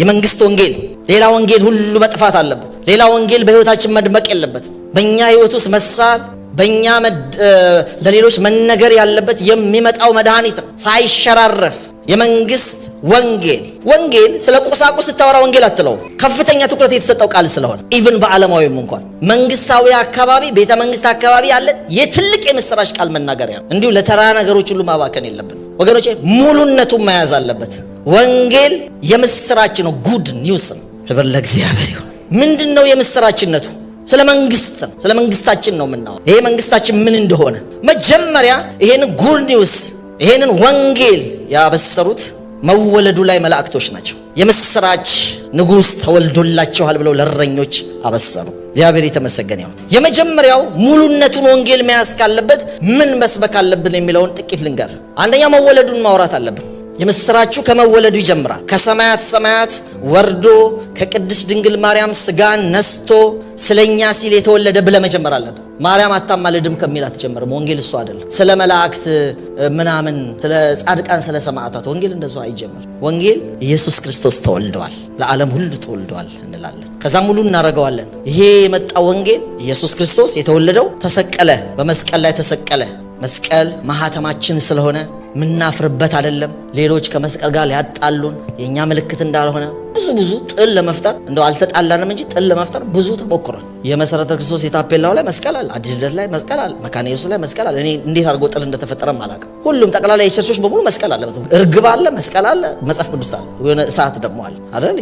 የመንግስት ወንጌል ሌላ ወንጌል ሁሉ መጥፋት አለበት። ሌላ ወንጌል በህይወታችን መድመቅ የለበትም። በእኛ ህይወት ውስጥ መሳል፣ በእኛ ለሌሎች መነገር ያለበት የሚመጣው መድኃኒት ነው፣ ሳይሸራረፍ የመንግስት ወንጌል። ወንጌል ስለ ቁሳቁስ ስታወራ ወንጌል አትለው ከፍተኛ ትኩረት የተሰጠው ቃል ስለሆነ ኢቭን በዓለማዊም እንኳን መንግስታዊ አካባቢ ቤተ መንግስት አካባቢ ያለ የትልቅ የምስራች ቃል መናገሪያ ነው። እንዲሁ ለተራ ነገሮች ሁሉ ማባከን የለብን ወገኖቼ፣ ሙሉነቱን መያዝ አለበት። ወንጌል የምስራች ነው፣ ጉድ ኒውስ ነው። ክብር ለእግዚአብሔር ይሁን። ምንድን ነው የምስራችነቱ? ስለ መንግስት ነው። ስለ መንግስታችን ነው የምናወራው። ይሄ መንግስታችን ምን እንደሆነ መጀመሪያ ይሄንን ጉድ ኒውስ ይሄንን ወንጌል ያበሰሩት መወለዱ ላይ መላእክቶች ናቸው። የምስራች ንጉሥ ተወልዶላቸዋል ብለው ለረኞች አበሰሩ። እግዚአብሔር የተመሰገነ ይሁን። የመጀመሪያው ሙሉነቱን ወንጌል መያዝ ካለበት ምን መስበክ አለብን የሚለውን ጥቂት ልንገር። አንደኛ መወለዱን ማውራት አለብን። የምስራቹ ከመወለዱ ይጀምራል። ከሰማያት ሰማያት ወርዶ ከቅድስት ድንግል ማርያም ስጋን ነስቶ ስለኛ ሲል የተወለደ ብለ መጀመር አለብን። ማርያም አታማልድም ከሚል አትጀምርም። ወንጌል እሱ አይደለም። ስለ መላእክት ምናምን፣ ስለ ጻድቃን፣ ስለ ሰማዕታት ወንጌል እንደዛ አይጀምር። ወንጌል ኢየሱስ ክርስቶስ ተወልደዋል፣ ለዓለም ሁሉ ተወልደዋል እንላለን። ከዛም ሙሉ እናደርገዋለን። ይሄ የመጣ ወንጌል ኢየሱስ ክርስቶስ የተወለደው ተሰቀለ፣ በመስቀል ላይ ተሰቀለ። መስቀል ማህተማችን ስለሆነ ምናፍርበት አይደለም። ሌሎች ከመስቀል ጋር ሊያጣሉን የእኛ ምልክት እንዳልሆነ ብዙ ብዙ ጥል ለመፍጠር እንደው አልተጣላንም እንጂ ጥል ለመፍጠር ብዙ ተሞክሯል። የመሰረተ ክርስቶስ የታፔላው ላይ መስቀል አለ፣ አዲስ ልደት ላይ መስቀል አለ፣ መካነ ኢየሱስ ላይ መስቀል አለ። እኔ እንዴት አድርጎ ጥል እንደተፈጠረም አላውቅም። ሁሉም ጠቅላላ የቸርቾች በሙሉ መስቀል አለ፣ እርግብ አለ፣ መስቀል አለ፣ መጽሐፍ ቅዱስ አለ፣ የሆነ እሳት ደግሞ አለ አይደል?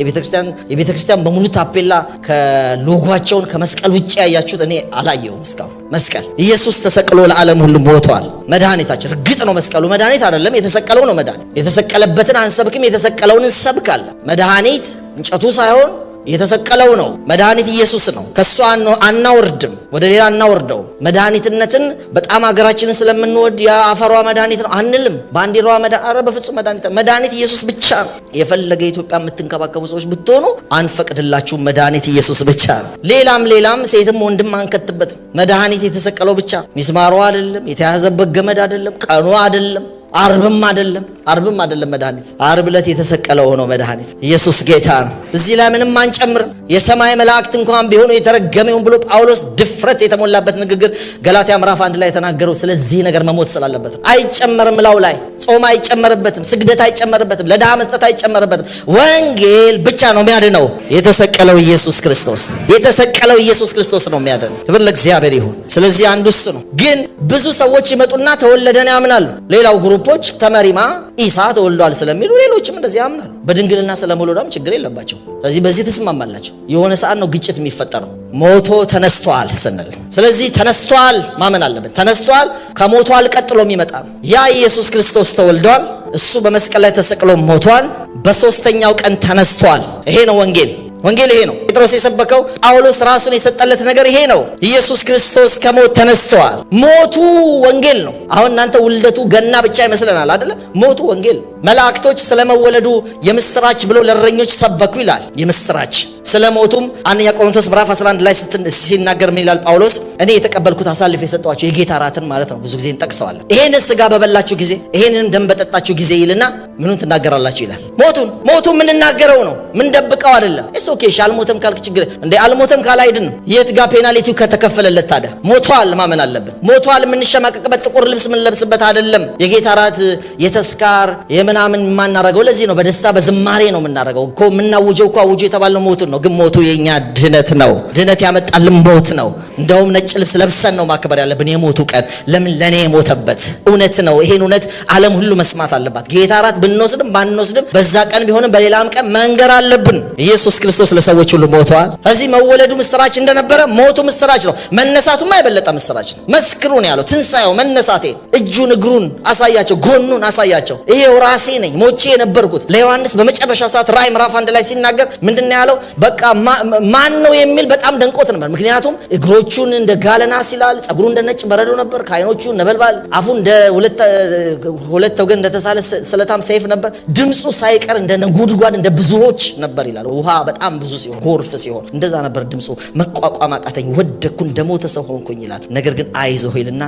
የቤተ ክርስቲያን በሙሉ ታፔላ ከሎጓቸውን ከመስቀል ውጭ ያያችሁት እኔ አላየውም እስካሁን። መስቀል ኢየሱስ ተሰቅሎ ለዓለም ሁሉም ሞቷል። መድኃኒታችን እርግጥ ነው መስቀሉ መድኃኒት አይደለም፣ የተሰቀለው ነው መድሃኒት የተሰቀለበትን አንሰብክም፣ የተሰቀለውን እንሰብካለን። መድኃኒት እንጨቱ ሳይሆን የተሰቀለው ነው መድኃኒት ኢየሱስ ነው። ከእሱ አናወርድም፣ ወደ ሌላ አናወርደው። መድኃኒትነትን በጣም ሀገራችንን ስለምንወድ የአፈሯ መድኃኒት ነው አንልም። ባንዲሯ ኧረ በፍጹም መድኃኒት መድኃኒት ኢየሱስ ብቻ ነው። የፈለገ ኢትዮጵያ የምትንከባከቡ ሰዎች ብትሆኑ አንፈቅድላችሁም። መድኃኒት ኢየሱስ ብቻ ነው። ሌላም ሌላም ሴትም ወንድም አንከትበትም። መድኃኒት የተሰቀለው ብቻ። ሚስማሩ አይደለም፣ የተያዘበት ገመድ አይደለም፣ ቀኑ አይደለም። አርብም አይደለም አርብም አይደለም መድኃኒት አርብ ዕለት የተሰቀለ ሆኖ መድኃኒት ኢየሱስ ጌታ ነው። እዚህ ላይ ምንም አንጨምርም። የሰማይ መላእክት እንኳን ቢሆኑ የተረገመውን ብሎ ጳውሎስ ድፍረት የተሞላበት ንግግር ገላትያ ምዕራፍ አንድ ላይ የተናገረው ስለዚህ ነገር መሞት ስላለበት አይጨመርም። ላው ላይ ጾም አይጨመርበትም፣ ስግደት አይጨመርበትም፣ ለድሃ መስጠት አይጨመርበትም። ወንጌል ብቻ ነው የሚያድነው። የተሰቀለው ኢየሱስ ክርስቶስ የተሰቀለው ኢየሱስ ክርስቶስ ነው የሚያድነው። ክብር ለእግዚአብሔር ይሁን። ስለዚህ አንዱ እሱ ነው። ግን ብዙ ሰዎች ይመጡና ተወለደን ያምናሉ። ሌላው ግሩፕ ግሩፖች ተመሪማ ኢሳ ተወልዷል ስለሚሉ ሌሎችም እንደዚህ አምናሉ በድንግልና ስለመውለዷም ችግር የለባቸው። ስለዚህ በዚህ ትስማማላቸው። የሆነ ሰዓት ነው ግጭት የሚፈጠረው ሞቶ ተነስተዋል ስንል። ስለዚህ ተነስተዋል ማመን አለብን። ተነስተዋል ከሞቷል ቀጥሎ የሚመጣ ያ ኢየሱስ ክርስቶስ ተወልዷል። እሱ በመስቀል ላይ ተሰቅሎ ሞቷል። በሶስተኛው ቀን ተነስተዋል። ይሄ ነው ወንጌል። ወንጌል ይሄ ነው። ጴጥሮስ የሰበከው ጳውሎስ ራሱን የሰጠለት ነገር ይሄ ነው። ኢየሱስ ክርስቶስ ከሞት ተነስተዋል። ሞቱ ወንጌል ነው። አሁን እናንተ ውልደቱ ገና ብቻ ይመስለናል አይደለ? ሞቱ ወንጌል። መላእክቶች ስለመወለዱ የምስራች ብሎ ለረኞች ሰበኩ ይላል። የምስራች ስለ ሞቱም አንደኛ ቆሮንቶስ ምዕራፍ 11 ላይ ሲናገር ምን ይላል ጳውሎስ? እኔ የተቀበልኩት አሳልፍ የሰጠኋቸው የጌታ ራትን ማለት ነው። ብዙ ጊዜ እንጠቅሰዋለን። ይሄንን ስጋ በበላችሁ ጊዜ፣ ይሄንንም ደም በጠጣችሁ ጊዜ ይልና ምኑን ትናገራላችሁ ይላል። ሞቱን ሞቱ የምንናገረው ነው፣ ምንደብቀው አይደለም። እሱ ኦኬ አልሞተም ካልክ ችግር እንደ አልሞተም ካል አይድን የት ጋ ፔናልቲው ከተከፈለለት ታዲያ? ሞቷል ማመን አለብን። ሞቷል የምንሸማቀቅበት ጥቁር ልብስ የምንለብስበት አይደለም። የጌታ ራት የተስካር የምናምን የማናረገው ለዚህ ነው። በደስታ በዝማሬ ነው የምናረገው እኮ የምናውጀው እኮ አውጆ የተባለው ሞቱን ነው። ግን ሞቱ የእኛ ድነት ነው። ድነት ያመጣልን ሞት ነው። እንደውም ነጭ ልብስ ለብሰን ነው ማክበር ያለብን የሞቱ ቀን። ለምን ለእኔ የሞተበት እውነት ነው። ይሄን እውነት ዓለም ሁሉ መስማት አለባት። ጌታ ራት ብንወስድም ባንወስድም በዛ ቀን ቢሆንም በሌላም ቀን መንገር አለብን። ኢየሱስ ክርስቶስ ለሰዎች ሁሉ ሞተዋል። እዚህ መወለዱ ምስራች እንደነበረ ሞቱ ምስራች ነው። መነሳቱማ የበለጠ ምስራች ነው። መስክሩን ያለው። ትንሣኤው መነሳቴ፣ እጁን እግሩን አሳያቸው፣ ጎኑን አሳያቸው። ይሄው ራሴ ነኝ ሞቼ የነበርኩት። ለዮሐንስ በመጨረሻ ሰዓት ራእይ ምዕራፍ አንድ ላይ ሲናገር ምንድን ነው ያለው? በቃ ማን ነው የሚል በጣም ደንቆት ነበር። ምክንያቱም እግሮቹን እንደ ጋለና ሲላል ይላል፣ ፀጉሩ እንደ ነጭ በረዶ ነበር፣ ከአይኖቹ ነበልባል፣ አፉ እንደ ሁለት ወገን እንደተሳለ ስለታም ሰይፍ ነበር፣ ድምፁ ሳይቀር እንደ ነጎድጓድ እንደ ብዙዎች ነበር ይላል። ውሃ በጣም ብዙ ሲሆን፣ ጎርፍ ሲሆን እንደዛ ነበር ድምፁ። መቋቋም አቃተኝ፣ ወደኩ፣ እንደሞተ ሰው ሆንኩኝ ይላል። ነገር ግን አይዞህ ይልና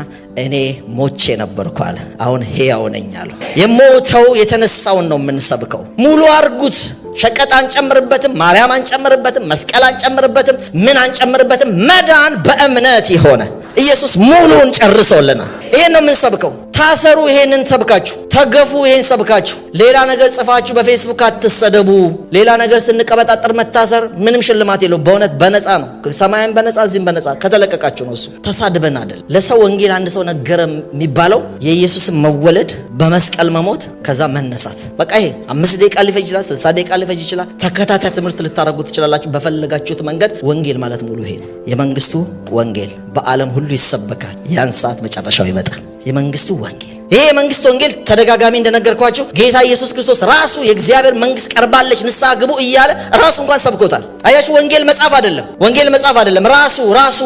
እኔ ሞቼ ነበርኩ አለ፣ አሁን ሕያው ነኝ አለ። የሞተው የተነሳውን ነው የምንሰብከው። ሙሉ አርጉት ሸቀጥ አንጨምርበትም፣ ማርያም አንጨምርበትም፣ መስቀል አንጨምርበትም፣ ምን አንጨምርበትም። መዳን በእምነት የሆነ ኢየሱስ ሙሉን ጨርሶልናል። ይሄን ነው የምንሰብከው። ታሰሩ፣ ይሄንን ሰብካችሁ ተገፉ፣ ይሄን ሰብካችሁ። ሌላ ነገር ጽፋችሁ በፌስቡክ አትሰደቡ። ሌላ ነገር ስንቀበጣጠር መታሰር ምንም ሽልማት የለው። በእውነት በነፃ ነው፣ ሰማያን በነፃ እዚህም በነፃ ከተለቀቃችሁ ነው። እሱ ተሳድበን አይደል። ለሰው ወንጌል አንድ ሰው ነገረ የሚባለው የኢየሱስን መወለድ በመስቀል መሞት፣ ከዛ መነሳት። በቃ ይሄ አምስት ደቂቃ ሊፈጅ ይችላል፣ ስልሳ ደቂቃ ሊፈጅ ይችላል። ተከታታይ ትምህርት ልታደረጉ ትችላላችሁ በፈለጋችሁት መንገድ። ወንጌል ማለት ሙሉ ይሄ ነው። የመንግስቱ ወንጌል በዓለም ሁሉ ይሰበካል። ያን ሰዓት መጨረሻው ይመጣል። የመንግስቱ ወንጌል ይሄ የመንግስት ወንጌል ተደጋጋሚ እንደነገርኳችሁ ጌታ ኢየሱስ ክርስቶስ ራሱ የእግዚአብሔር መንግስት ቀርባለች ንስሐ ግቡ እያለ ራሱ እንኳን ሰብኮታል። አያችሁ፣ ወንጌል መጽሐፍ አይደለም፣ ወንጌል መጽሐፍ አይደለም። ራሱ ራሱ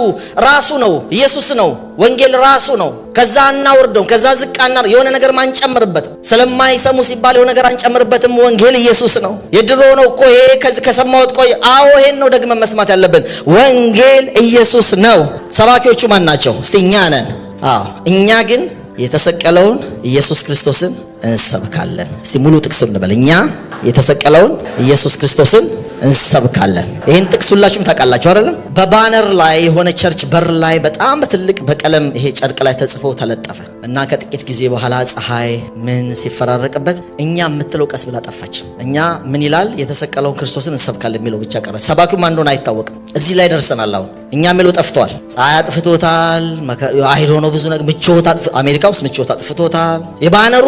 ራሱ ነው፣ ኢየሱስ ነው። ወንጌል ራሱ ነው። ከዛ አናወርደውም፣ ከዛ ዝቅ አና የሆነ ነገር ማንጨምርበት ስለማይሰሙ ሲባል የሆነ ነገር አንጨምርበትም። ወንጌል ኢየሱስ ነው። የድሮ ነው እኮ ይሄ ከዚህ ከሰማሁት ቆይ፣ አዎ ይሄን ነው ደግመን መስማት ያለብን። ወንጌል ኢየሱስ ነው። ሰባኪዎቹ ማን ናቸው? እስቲ እኛ ነን። አዎ እኛ ግን የተሰቀለውን ኢየሱስ ክርስቶስን እንሰብካለን። እስቲ ሙሉ ጥቅስ እንበል። እኛ የተሰቀለውን ኢየሱስ ክርስቶስን እንሰብካለን። ይህን ጥቅስ ሁላችሁም ታውቃላችሁ አይደለም? በባነር ላይ የሆነ ቸርች በር ላይ በጣም በትልቅ በቀለም ይሄ ጨርቅ ላይ ተጽፎ ተለጠፈ እና ከጥቂት ጊዜ በኋላ ፀሐይ ምን ሲፈራረቅበት እኛ የምትለው ቀስ ብላ ጠፋች። እኛ ምን ይላል? የተሰቀለውን ክርስቶስን እንሰብካለን የሚለው ብቻ ቀረ። ሰባኪው ማን እንደሆነ አይታወቅም። እዚህ ላይ ደርሰናል አሁን እኛ የሚለው ጠፍቷል። ፀሐይ አጥፍቶታል። አይል ነው ብዙ ነገር ምቾት አሜሪካ ውስጥ ምቾት አጥፍቶታል። የባነሩ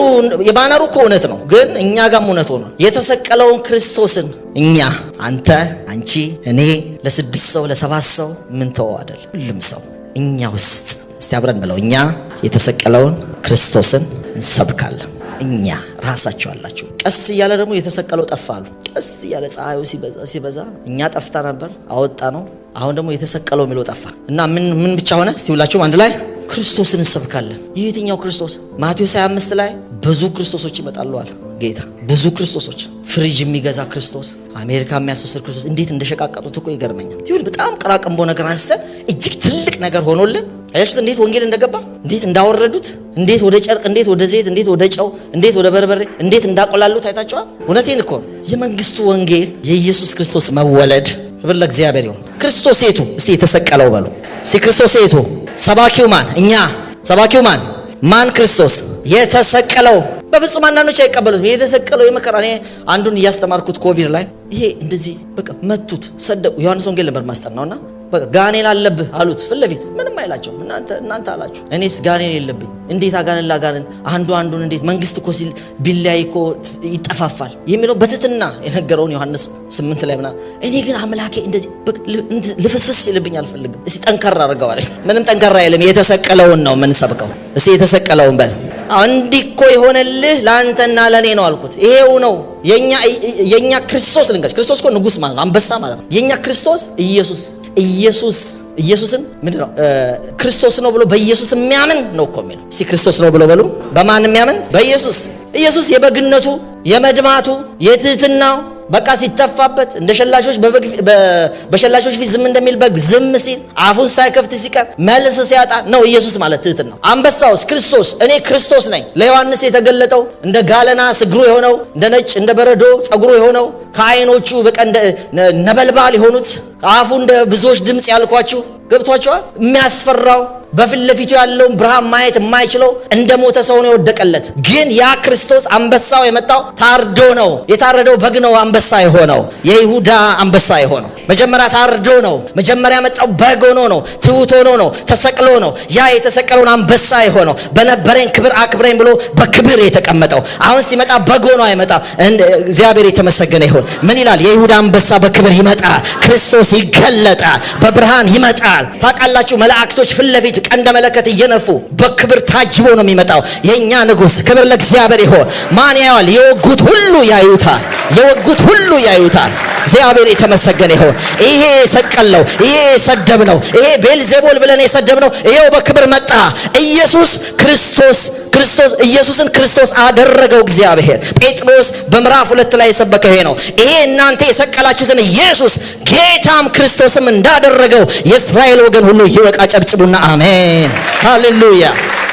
የባነሩ እኮ እውነት ነው፣ ግን እኛ ጋም እውነት ሆኖ የተሰቀለውን ክርስቶስን እኛ አንተ፣ አንቺ፣ እኔ ለስድስት ሰው ለሰባት ሰው ምን ተወው አይደል? ሁሉም ሰው እኛ ውስጥ እስቲ አብረን ብለው እኛ የተሰቀለውን ክርስቶስን እንሰብካለን። እኛ ራሳቸው አላችሁ። ቀስ እያለ ደግሞ የተሰቀለው ጠፋሉ። ቀስ እያለ ፀሐዩ ሲበዛ ሲበዛ እኛ ጠፍታ ነበር፣ አወጣ ነው አሁን ደግሞ የተሰቀለው የሚለው ጠፋ እና ምን ምን ብቻ ሆነ? እስቲ ሁላችሁም አንድ ላይ ክርስቶስን እንሰብካለን። ይህ የትኛው ክርስቶስ? ማቴዎስ 25 ላይ ብዙ ክርስቶሶች ይመጣሉ አለ ጌታ። ብዙ ክርስቶሶች፣ ፍሪጅ የሚገዛ ክርስቶስ፣ አሜሪካ የሚያስወስድ ክርስቶስ። እንዴት እንደሸቃቀጡት እኮ ይገርመኛል። ይሁን በጣም ቀራቅንቦ ነገር አንስተን እጅግ ትልቅ ነገር ሆኖልን አያችሁት? እንዴት ወንጌል እንደገባ እንዴት እንዳወረዱት፣ እንዴት ወደ ጨርቅ፣ እንዴት ወደ ዘይት፣ እንዴት ወደ ጨው፣ እንዴት ወደ በርበሬ፣ እንዴት እንዳቆላሉት አይታችኋል። እውነቴን እኮ የመንግስቱ ወንጌል የኢየሱስ ክርስቶስ መወለድ ክብር ለእግዚአብሔር ይሁን። ክርስቶስ የቱ? እስቲ የተሰቀለው በሉ እስቲ። ክርስቶስ የቱ? ሰባኪው ማን? እኛ። ሰባኪው ማን? ማን? ክርስቶስ የተሰቀለው። በፍጹም አንዳንዶች አይቀበሉትም። የተሰቀለው የመከራ እኔ አንዱን እያስተማርኩት ኮቪድ ላይ ይሄ እንደዚህ በቃ መቱት፣ ሰደቁ። ዮሐንስ ወንጌል ነበር ማስጠናውና ጋኔን አለብህ አሉት ፍለፊት ምንም አይላቸው እናንተ አላችሁ እኔስ ጋኔን የለብኝ። እንዴት አጋንንት ላጋንንት አንዱ አንዱን እንዴት መንግስት እኮ ሲል ቢለያይ እኮ ይጠፋፋል የሚለው በትትና የነገረውን ዮሐንስ ስምንት ላይ ምና እኔ ግን አምላኬ እንደዚህ ልፍስፍስ ይልብኝ አልፈልግም። እስቲ ጠንከራ አድርገዋል። ምንም ጠንከራ የለም። የተሰቀለውን ነው የምንሰብከው። እስ የተሰቀለውን በል አንድ እኮ የሆነልህ ለአንተና ለእኔ ነው አልኩት። ይሄው ነው የእኛ ክርስቶስ ልንጋች ክርስቶስ እኮ ንጉስ ማለት ነው፣ አንበሳ ማለት ነው። የእኛ ክርስቶስ ኢየሱስ ኢየሱስ ኢየሱስን ምንድን ነው ክርስቶስ ነው ብሎ በኢየሱስ የሚያምን ነው እኮ የሚለው። እስቲ ክርስቶስ ነው ብሎ በሉ። በማን የሚያምን? በኢየሱስ። ኢየሱስ የበግነቱ፣ የመድማቱ፣ የትህትናው በቃ ሲተፋበት እንደ ሸላቾች በሸላቾች ፊት ዝም እንደሚል በግ ዝም ሲል አፉን ሳይከፍት ሲቀር መልስ ሲያጣ ነው ኢየሱስ ማለት ትህትን ነው። አንበሳውስ ክርስቶስ እኔ ክርስቶስ ነኝ ለዮሐንስ የተገለጠው እንደ ጋለና ስግሩ የሆነው እንደ ነጭ እንደ በረዶ ጸጉሩ የሆነው ከአይኖቹ በቃ ነበልባል የሆኑት አፉ እንደ ብዙዎች ድምፅ ያልኳችሁ ገብቷቸዋል። የሚያስፈራው በፊት ለፊቱ ያለውን ብርሃን ማየት የማይችለው እንደ ሞተ ሰው ነው የወደቀለት። ግን ያ ክርስቶስ አንበሳው የመጣው ታርዶ ነው። የታረደው በግ ነው አንበሳ የሆነው የይሁዳ አንበሳ የሆነው መጀመሪያ ታርዶ ነው። መጀመሪያ መጣው በግ ሆኖ ነው፣ ትሑት ሆኖ ነው፣ ተሰቅሎ ነው። ያ የተሰቀለውን አንበሳ የሆነው በነበረኝ ክብር አክብረኝ ብሎ በክብር የተቀመጠው አሁን ሲመጣ በግ ሆኖ አይመጣም። እግዚአብሔር የተመሰገነ ይሆን። ምን ይላል? የይሁዳ አንበሳ በክብር ይመጣል። ክርስቶስ ይገለጣል፣ በብርሃን ይመጣል። ታውቃላችሁ፣ መላእክቶች ፊት ለፊት ቀንደ መለከት እየነፉ በክብር ታጅቦ ነው የሚመጣው የእኛ ንጉሥ። ክብር ለእግዚአብሔር ይሆን። ማን ያዋል? የወጉት ሁሉ ያዩታል፣ የወጉት ሁሉ ያዩታል። እግዚአብሔር የተመሰገነ ይሆን። ይሄ የሰቀል ነው፣ ይሄ የሰደብ ነው፣ ይሄ ቤልዜቦል ብለን የሰደብ ነው። ይሄው በክብር መጣ ኢየሱስ ክርስቶስ ክርስቶስ ኢየሱስን ክርስቶስ አደረገው እግዚአብሔር። ጴጥሮስ በምዕራፍ ሁለት ላይ የሰበከ ይሄ ነው። ይሄ እናንተ የሰቀላችሁትን ኢየሱስ ጌታም ክርስቶስም እንዳደረገው የእስራኤል ወገን ሁሉ ይወቃ። ጨብጭቡና አሜን፣ ሃሌሉያ።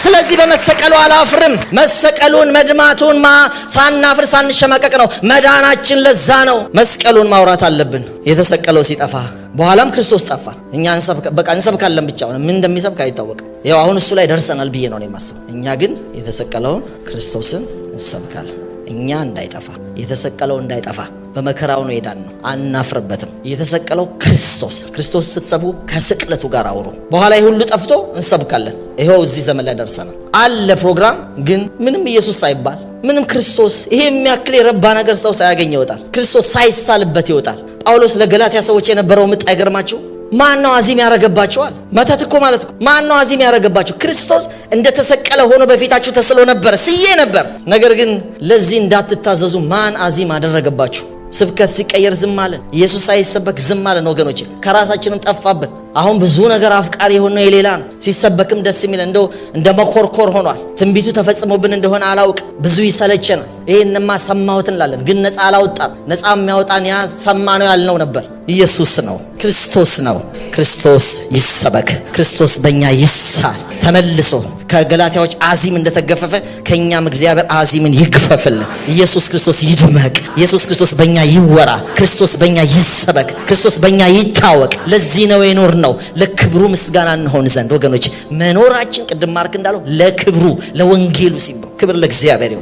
ስለዚህ በመሰቀሉ አላፍርም። መሰቀሉን መድማቱን ማ ሳናፍር ሳንሸማቀቅ ነው መዳናችን። ለዛ ነው መስቀሉን ማውራት አለብን። የተሰቀለው ሲጠፋ በኋላም ክርስቶስ ጠፋ። እኛ በቃ እንሰብካለን ብቻ ሆነ ምን እንደሚሰብክ አይታወቅም። ያው አሁን እሱ ላይ ደርሰናል ብዬ ነው የማስበው። እኛ ግን የተሰቀለውን ክርስቶስን እንሰብካለን። እኛ እንዳይጠፋ የተሰቀለው እንዳይጠፋ በመከራው ነው ሄዳን ነው። አናፍርበትም። የተሰቀለው ክርስቶስ ክርስቶስ ስትሰብኩ ከስቅለቱ ጋር አውሩ። በኋላ ይሁሉ ሁሉ ጠፍቶ እንሰብካለን። ይኸው እዚህ ዘመን ላይ ደርሰናል። አለ ፕሮግራም ግን ምንም ኢየሱስ ሳይባል ምንም ክርስቶስ ይሄ የሚያክል የረባ ነገር ሰው ሳያገኝ ይወጣል። ክርስቶስ ሳይሳልበት ይወጣል። ጳውሎስ ለገላትያ ሰዎች የነበረው ምጥ አይገርማችሁ? ማን ነው አዚም ያረገባችኋል? መተት እኮ ማለት እኮ ማን ነው አዚም ያረገባችሁ? ክርስቶስ እንደተሰቀለ ሆኖ በፊታችሁ ተስሎ ነበር፣ ስዬ ነበር። ነገር ግን ለዚህ እንዳትታዘዙ ማን አዚም አደረገባችሁ? ስብከት ሲቀየር ዝም አለን። ኢየሱስ ሳይሰበክ ዝም አለን። ወገኖች ከራሳችንም ጠፋብን። አሁን ብዙ ነገር አፍቃሪ የሆነው የሌላ ነው። ሲሰበክም ደስ የሚል እንደው እንደ መኮርኮር ሆኗል። ትንቢቱ ተፈጽሞብን እንደሆነ አላውቅ ብዙ ይሰለቸናል። ይህንማ ሰማሁት እንላለን፣ ግን ነፃ አላወጣም። ነፃ የሚያወጣን ያ ሰማ ነው ያልነው ነበር። ኢየሱስ ነው፣ ክርስቶስ ነው። ክርስቶስ ይሰበክ፣ ክርስቶስ በእኛ ይሳል ተመልሶ ከገላትያዎች አዚም እንደተገፈፈ ከእኛም እግዚአብሔር አዚምን ይግፈፍልን። ኢየሱስ ክርስቶስ ይድመቅ። ኢየሱስ ክርስቶስ በእኛ ይወራ። ክርስቶስ በእኛ ይሰበክ። ክርስቶስ በእኛ ይታወቅ። ለዚህ ነው የኖር ነው ለክብሩ ምስጋና እንሆን ዘንድ ወገኖች፣ መኖራችን ቅድም ማርክ እንዳለው ለክብሩ ለወንጌሉ ሲባል ክብር ለእግዚአብሔር ይሁን።